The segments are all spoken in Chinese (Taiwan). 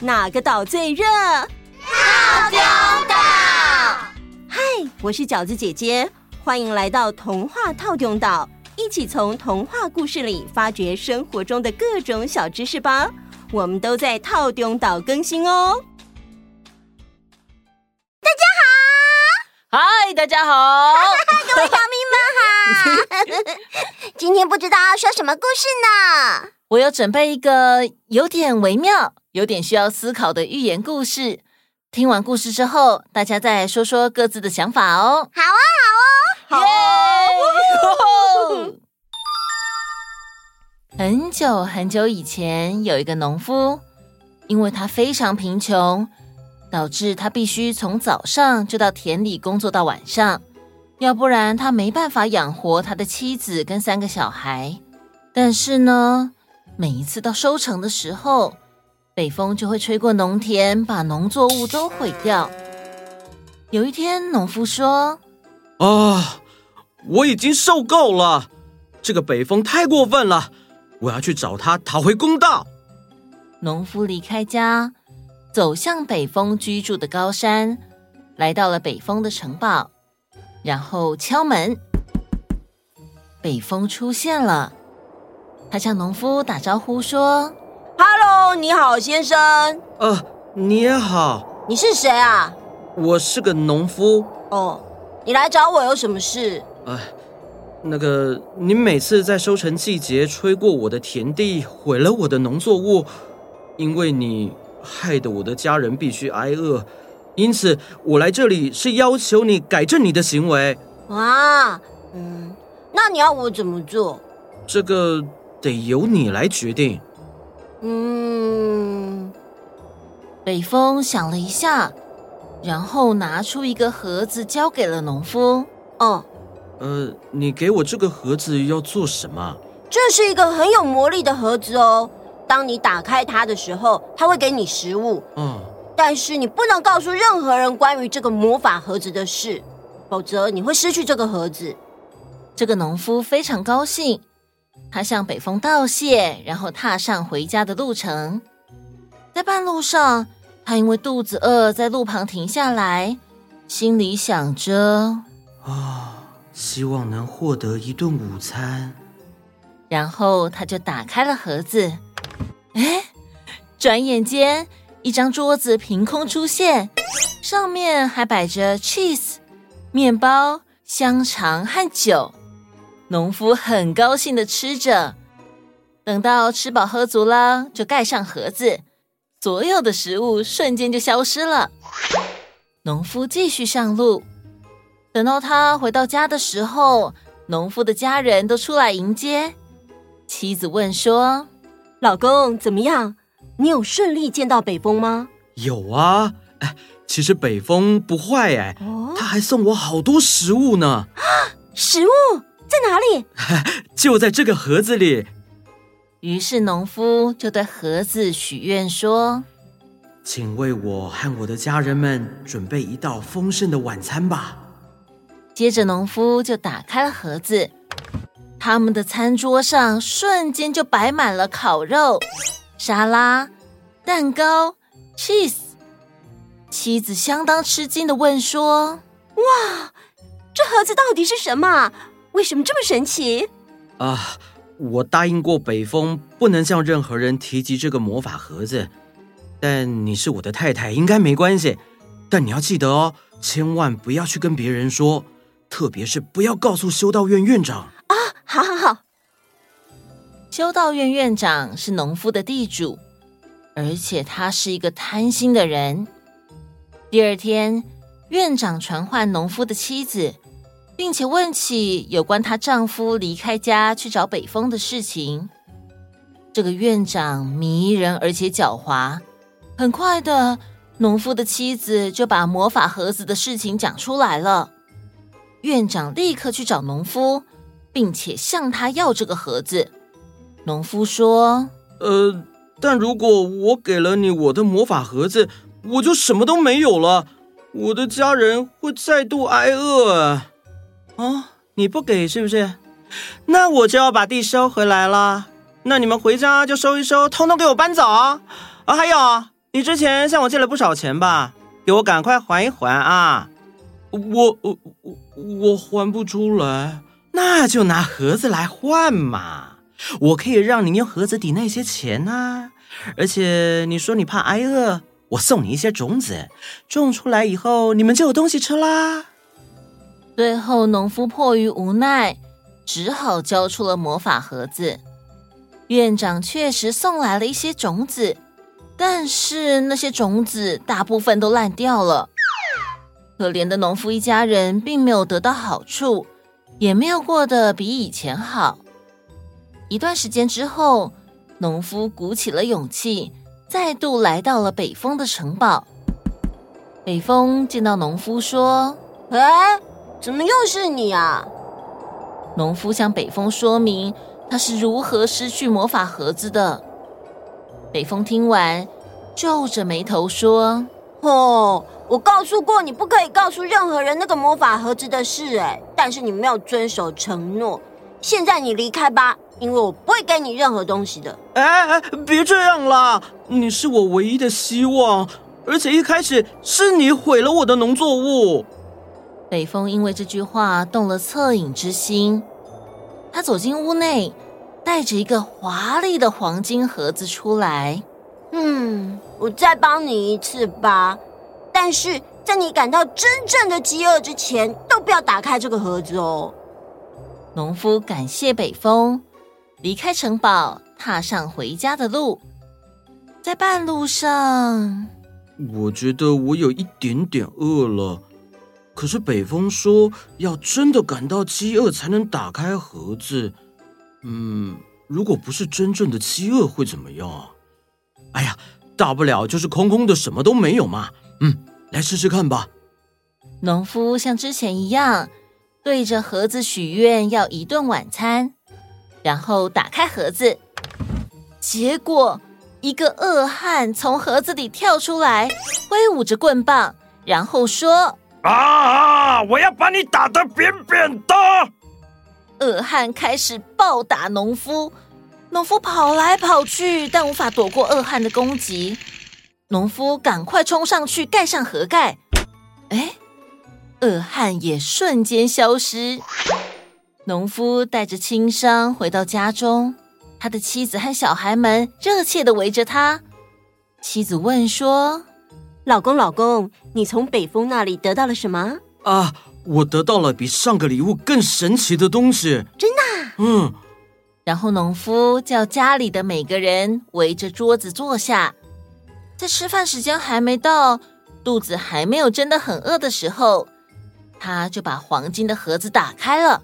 哪個島最熱？套丟島。嗨，我是餃子姐姐，歡迎來到童話套丟島，一起從童話故事裡發掘生活中的各種小知識吧。我們都在套丟島更新哦。大家好。嗨，大家好。 各位小蜜們好。 今天不知道要說什麼故事呢？我要準備一個有點微妙。有點需要思考的寓言故事。聽完故事之後，大家再說說各自的想法哦。好啊，好啊，Yeah! 好啊。Oh! 很久很久以前，有一個農夫，因為他非常貧窮，導致他必須從早上就到田裡工作到晚上，要不然他沒辦法養活他的妻子跟三個小孩。但是呢，每一次到收成的時候，北風就會吹過農田，把農作物都毀掉。有一天，農夫說：“啊，我已經受夠了，這個北風太過分了，我要去找他討回公道。”農夫離開家，走向北風居住的高山，來到了北風的城堡，然後敲門。北風出現了，他向農夫打招呼說。你好，先生。啊、呃、你也好。你是誰啊？我是個農夫。哦，你來找我有什麼事？哎、呃，那個，你每次在收成季節吹過我的田地，毀了我的農作物，因為你害得我的家人必須挨餓，因此我來這裡是要求你改正你的行為。哇，嗯，那你要我怎麼做？這個得由你來決定。嗯，北風想了一下，然後拿出一個盒子交給了農夫。哦、嗯，呃，你給我這個盒子要做什麼？這是一個很有魔力的盒子哦。當你打開它的時候，它會給你食物。嗯，但是你不能告訴任何人關於這個魔法盒子的事，否則你會失去這個盒子。這個農夫非常高興。他向北風道謝，然後踏上回家的路程。在半路上，他因為肚子餓，在路旁停下來，心裡想着：“啊、哦，希望能獲得一頓午餐。”然後他就打開了盒子。哎，轉眼間，一張桌子憑空出現，上面還擺着 cheese、麵包、香腸和酒。農夫很高興的吃着，等到吃飽喝足了，就蓋上盒子，所有的食物瞬間就消失了。農夫繼續上路，等到他回到家的時候，農夫的家人都出來迎接。妻子問說：“老公怎麼樣？你有順利見到北風嗎？”“有啊，哎，其實北風不壞哎，哦、他還送我好多食物呢。”“啊，食物！”在哪裡？ 就在這個盒子裡。於是農夫就對盒子許願說：“請為我和我的家人們準備一道豐盛的晚餐吧。”接着，農夫就打開了盒子，他們的餐桌上瞬間就擺滿了烤肉、沙拉、蛋糕、cheese。妻子相當吃驚地問說：“哇，這盒子到底是什麼？”為什麼這麼神奇啊？我答應過北風，不能向任何人提及這個魔法盒子。但你是我的太太，應該沒關係。但你要記得哦，千萬不要去跟別人說，特別是不要告訴修道院院長啊！好好好，修道院院長是農夫的地主，而且他是一個貪心的人。第二天，院長傳喚農夫的妻子。並且問起有關她丈夫離開家去找北風的事情。這個院長迷人而且狡猾。很快的，農夫的妻子就把魔法盒子的事情講出來了。院長立刻去找農夫，並且向他要這個盒子。農夫說：“呃，但如果我給了你我的魔法盒子，我就什麼都沒有了，我的家人會再度挨餓。”哦，你不給是不是？那我就要把地收回來了。那你們回家就收一收，統統給我搬走。啊，哦，還有，你之前向我借了不少錢吧？給我趕快還一還啊！我我我還不出來，那就拿盒子來換嘛！我可以讓你用盒子抵那些錢啊！而且你說你怕挨餓，我送你一些種子，種出來以後你們就有東西吃啦。最後，農夫迫於無奈，只好交出了魔法盒子。院長確實送來了一些種子，但是那些種子大部分都爛掉了。可憐的農夫一家人並沒有得到好處，也沒有過得比以前好。一段時間之後，農夫鼓起了勇氣，再度來到了北風的城堡。北風見到農夫，說：“哎。”怎麼又是你啊？農夫向北風說明他是如何失去魔法盒子的。北風聽完，皺着眉頭說：“哦，我告訴過你不可以告訴任何人那個魔法盒子的事，哎，但是你沒有遵守承諾。現在你離開吧，因為我不會給你任何東西的。”哎哎，別這樣啦！你是我唯一的希望，而且一開始是你毀了我的農作物。北風因為這句話動了惻隱之心，他走進屋內，帶着一個華麗的黃金盒子出來。嗯，我再幫你一次吧，但是在你感到真正的飢餓之前，都不要打開這個盒子哦。農夫感謝北風，離開城堡，踏上回家的路。在半路上，我覺得我有一點點餓了。可是北風說，要真的感到飢餓才能打開盒子。嗯，如果不是真正的飢餓會怎麼樣？哎呀，大不了就是空空的，什麼都沒有嘛。嗯，來試試看吧。農夫像之前一樣，對着盒子許願要一頓晚餐，然後打開盒子，結果一個惡漢從盒子裡跳出來，揮舞着棍棒，然後說。啊！我要把你打得扁扁的！惡漢開始暴打農夫，農夫跑來跑去，但無法躲過惡漢的攻擊。農夫趕快衝上去蓋上盒蓋，哎，惡漢也瞬間消失。農夫帶着輕傷回到家中，他的妻子和小孩們熱切地圍着他。妻子問說。老公，老公，你從北風那裡得到了什麼？啊，我得到了比上個禮物更神奇的東西。真的？啊？嗯。然後農夫叫家裡的每個人圍着桌子坐下，在吃飯時間還沒到，肚子還沒有真的很餓的時候，他就把黃金的盒子打開了。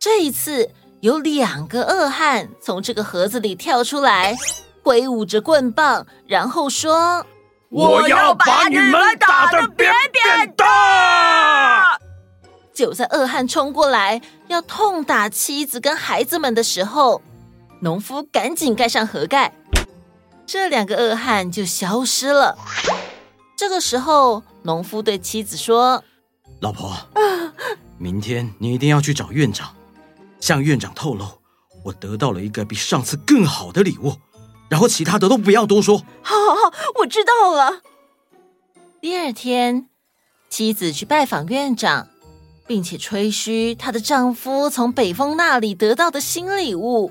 這一次有兩個惡漢從這個盒子裡跳出來，揮舞着棍棒，然後說。我要把你們打得扁扁的！就在惡漢衝過來要痛打妻子跟孩子們的時候，農夫趕緊蓋上盒蓋，這兩個惡漢就消失了。這個時候，農夫對妻子說：“老婆， 明天你一定要去找院長，向院長透露，我得到了一個比上次更好的禮物。”然後其他的都不要多說。好，好，好，好，我知道了。第二天，妻子去拜訪院長，並且吹噓她的丈夫從北風那裡得到的新禮物。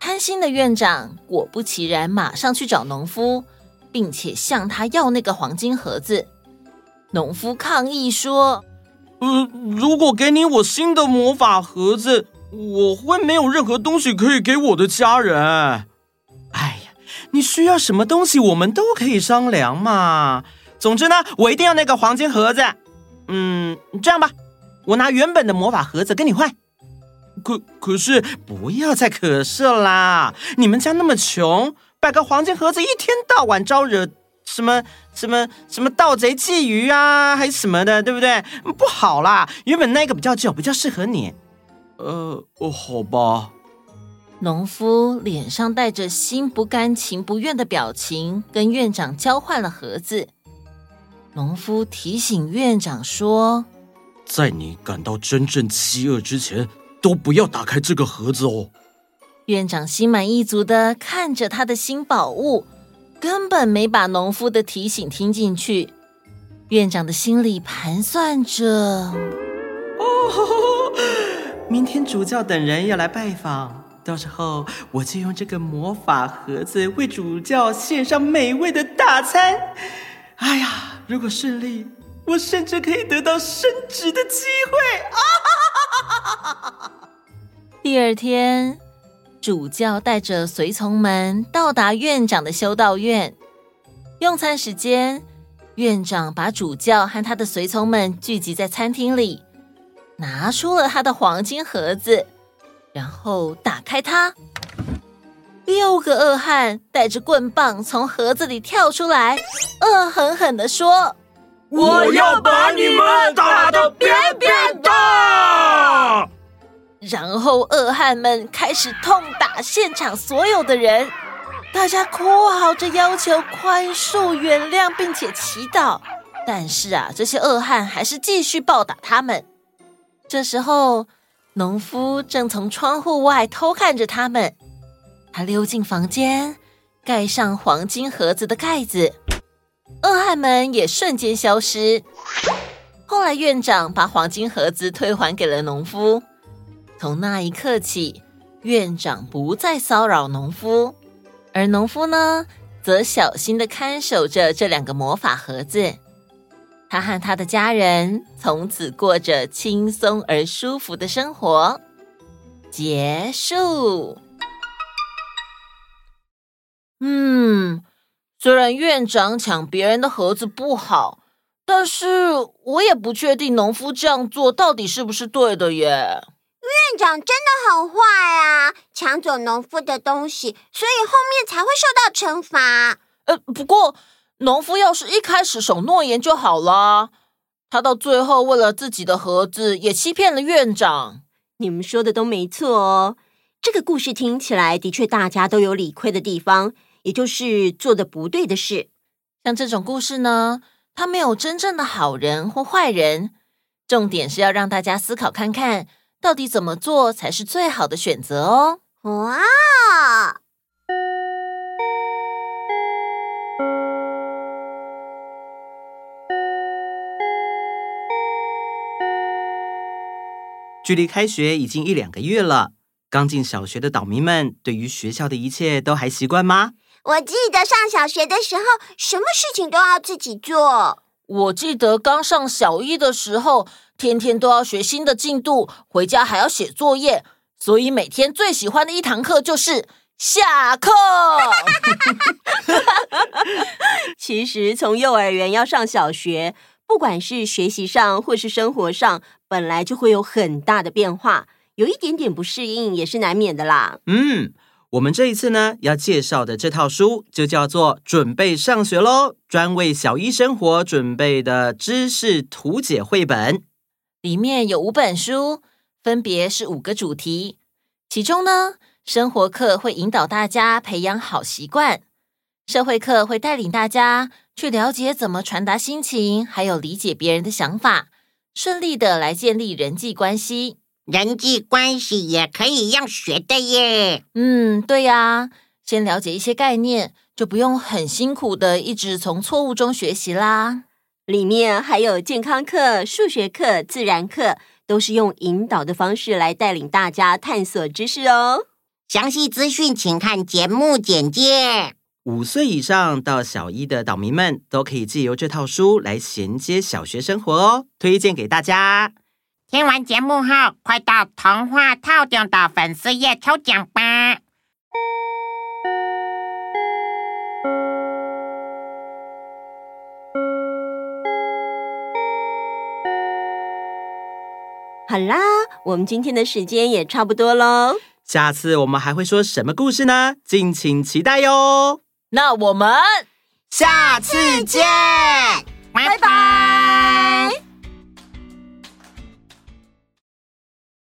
貪心的院長果不其然，馬上去找農夫，並且向他要那個黃金盒子。農夫抗議說：“呃，如果給你我新的魔法盒子，我會沒有任何東西可以給我的家人。”你需要什麼東西，我們都可以商量嘛。總之呢，我一定要那個黃金盒子。嗯，這樣吧，我拿原本的魔法盒子跟你換。可，可是不要再可是啦！你們家那麼窮，擺個黃金盒子，一天到晚招惹什麼什麼什麼盜賊覬覦啊，還是什麼的，對不對？不好啦，原本那個比較舊，比較適合你。呃，哦，好吧。農夫臉上帶着心不甘情不願的表情，跟院長交換了盒子。農夫提醒院長說：“在你感到真正飢餓之前，都不要打開這個盒子哦。”院長心滿意足地看着他的新寶物，根本沒把農夫的提醒聽進去。院長的心裡盤算着：“哦，明天主教等人要來拜訪。”到時候我就用這個魔法盒子為主教獻上美味的大餐。哎呀，如果順利，我甚至可以得到升職的機會。 第二天，主教帶着隨從們到達院長的修道院。用餐時間，院長把主教和他的隨從們聚集在餐廳裡，拿出了他的黃金盒子。然後打開它。六個惡漢帶着棍棒從盒子裡跳出來，惡狠狠地說：“我要把你們打得扁扁的。”然後惡漢們開始痛打現場所有的人，大家哭嚎着要求寬恕、原諒，並且祈禱。但是啊，這些惡漢還是繼續暴打他們。這時候。農夫正從窗戶外偷看着他們，他溜進房間，蓋上黃金盒子的蓋子，惡漢們也瞬間消失。後來院長把黃金盒子退還給了農夫，從那一刻起，院長不再騷擾農夫，而農夫呢，則小心的看守着這兩個魔法盒子。他和他的家人從此過着輕鬆而舒服的生活。結束。嗯，雖然院長搶別人的盒子不好，但是我也不確定農夫這樣做到底是不是對的耶。院長真的很壞啊，搶走農夫的東西，所以後面才會受到懲罰。呃，不過。農夫要是一開始守諾言就好了，他到最後為了自己的盒子也欺騙了院長。你們說的都沒錯哦。這個故事聽起來的確大家都有理虧的地方，也就是做的不對的事。像這種故事呢，它沒有真正的好人或壞人，重點是要讓大家思考看看，到底怎麼做才是最好的選擇哦。哇！距離開學已經一兩個月了，剛進小學的島民們對於學校的一切都還習慣嗎？我記得上小學的時候，什麼事情都要自己做。我記得剛上小一的時候，天天都要學新的進度，回家還要寫作業，所以每天最喜歡的一堂課就是下課。 其實從幼兒園要上小學，不管是學習上或是生活上，本來就會有很大的變化，有一點點不適應也是難免的啦。嗯，我們這一次呢要介紹的這套書就叫做《準備上學嘍》，專為小一生活準備的知識圖解繪本，裡面有五本書，分別是五個主題。其中呢，生活課會引導大家培養好習慣，社會課會帶領大家去了解怎麼傳達心情，還有理解別人的想法。順利的來建立人際關係，人際關係也可以要學的耶。嗯，對呀，先了解一些概念，就不用很辛苦的一直從錯誤中學習啦。裡面還有健康課、數學課、自然課，都是用引導的方式來帶領大家探索知識哦。詳細資訊請看節目簡介。五歲以上到小一的島民們都可以借由這套書來銜接小學生活哦，推薦給大家。聽完節目後，快到童話套用的粉絲頁抽獎吧！好啦，我們今天的時間也差不多嘍。下次我們還會說什麼故事呢？敬請期待喲。那我們下次見，次見拜拜。拜拜。